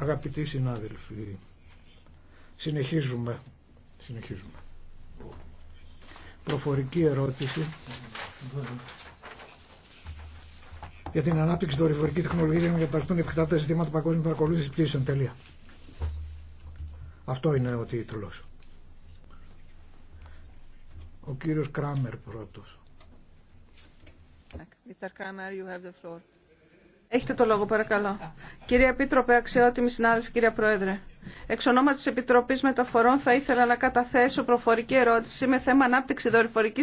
Αγαπητοί συνάδελφοι, συνεχίζουμε. συνεχίζουμε. Προφορική ερώτηση για την ανάπτυξη δορυφορική τεχνολογία για να οι επεκτάτα ζητήματα παγκόσμια παρακολούθηση πτήσεων. Τελεία. Αυτό είναι ο τίτλο. Ο κύριος Κράμερ πρώτος. Mr. Kramer, you have the floor. Έχετε το λόγο, παρακαλώ. Κυρία Επίτροπε, αξιότιμη συνάδελφη, κυρία Πρόεδρε. Εξ ονόμα τη Επιτροπή Μεταφορών θα ήθελα να καταθέσω προφορική ερώτηση με θέμα ανάπτυξη δορυφορική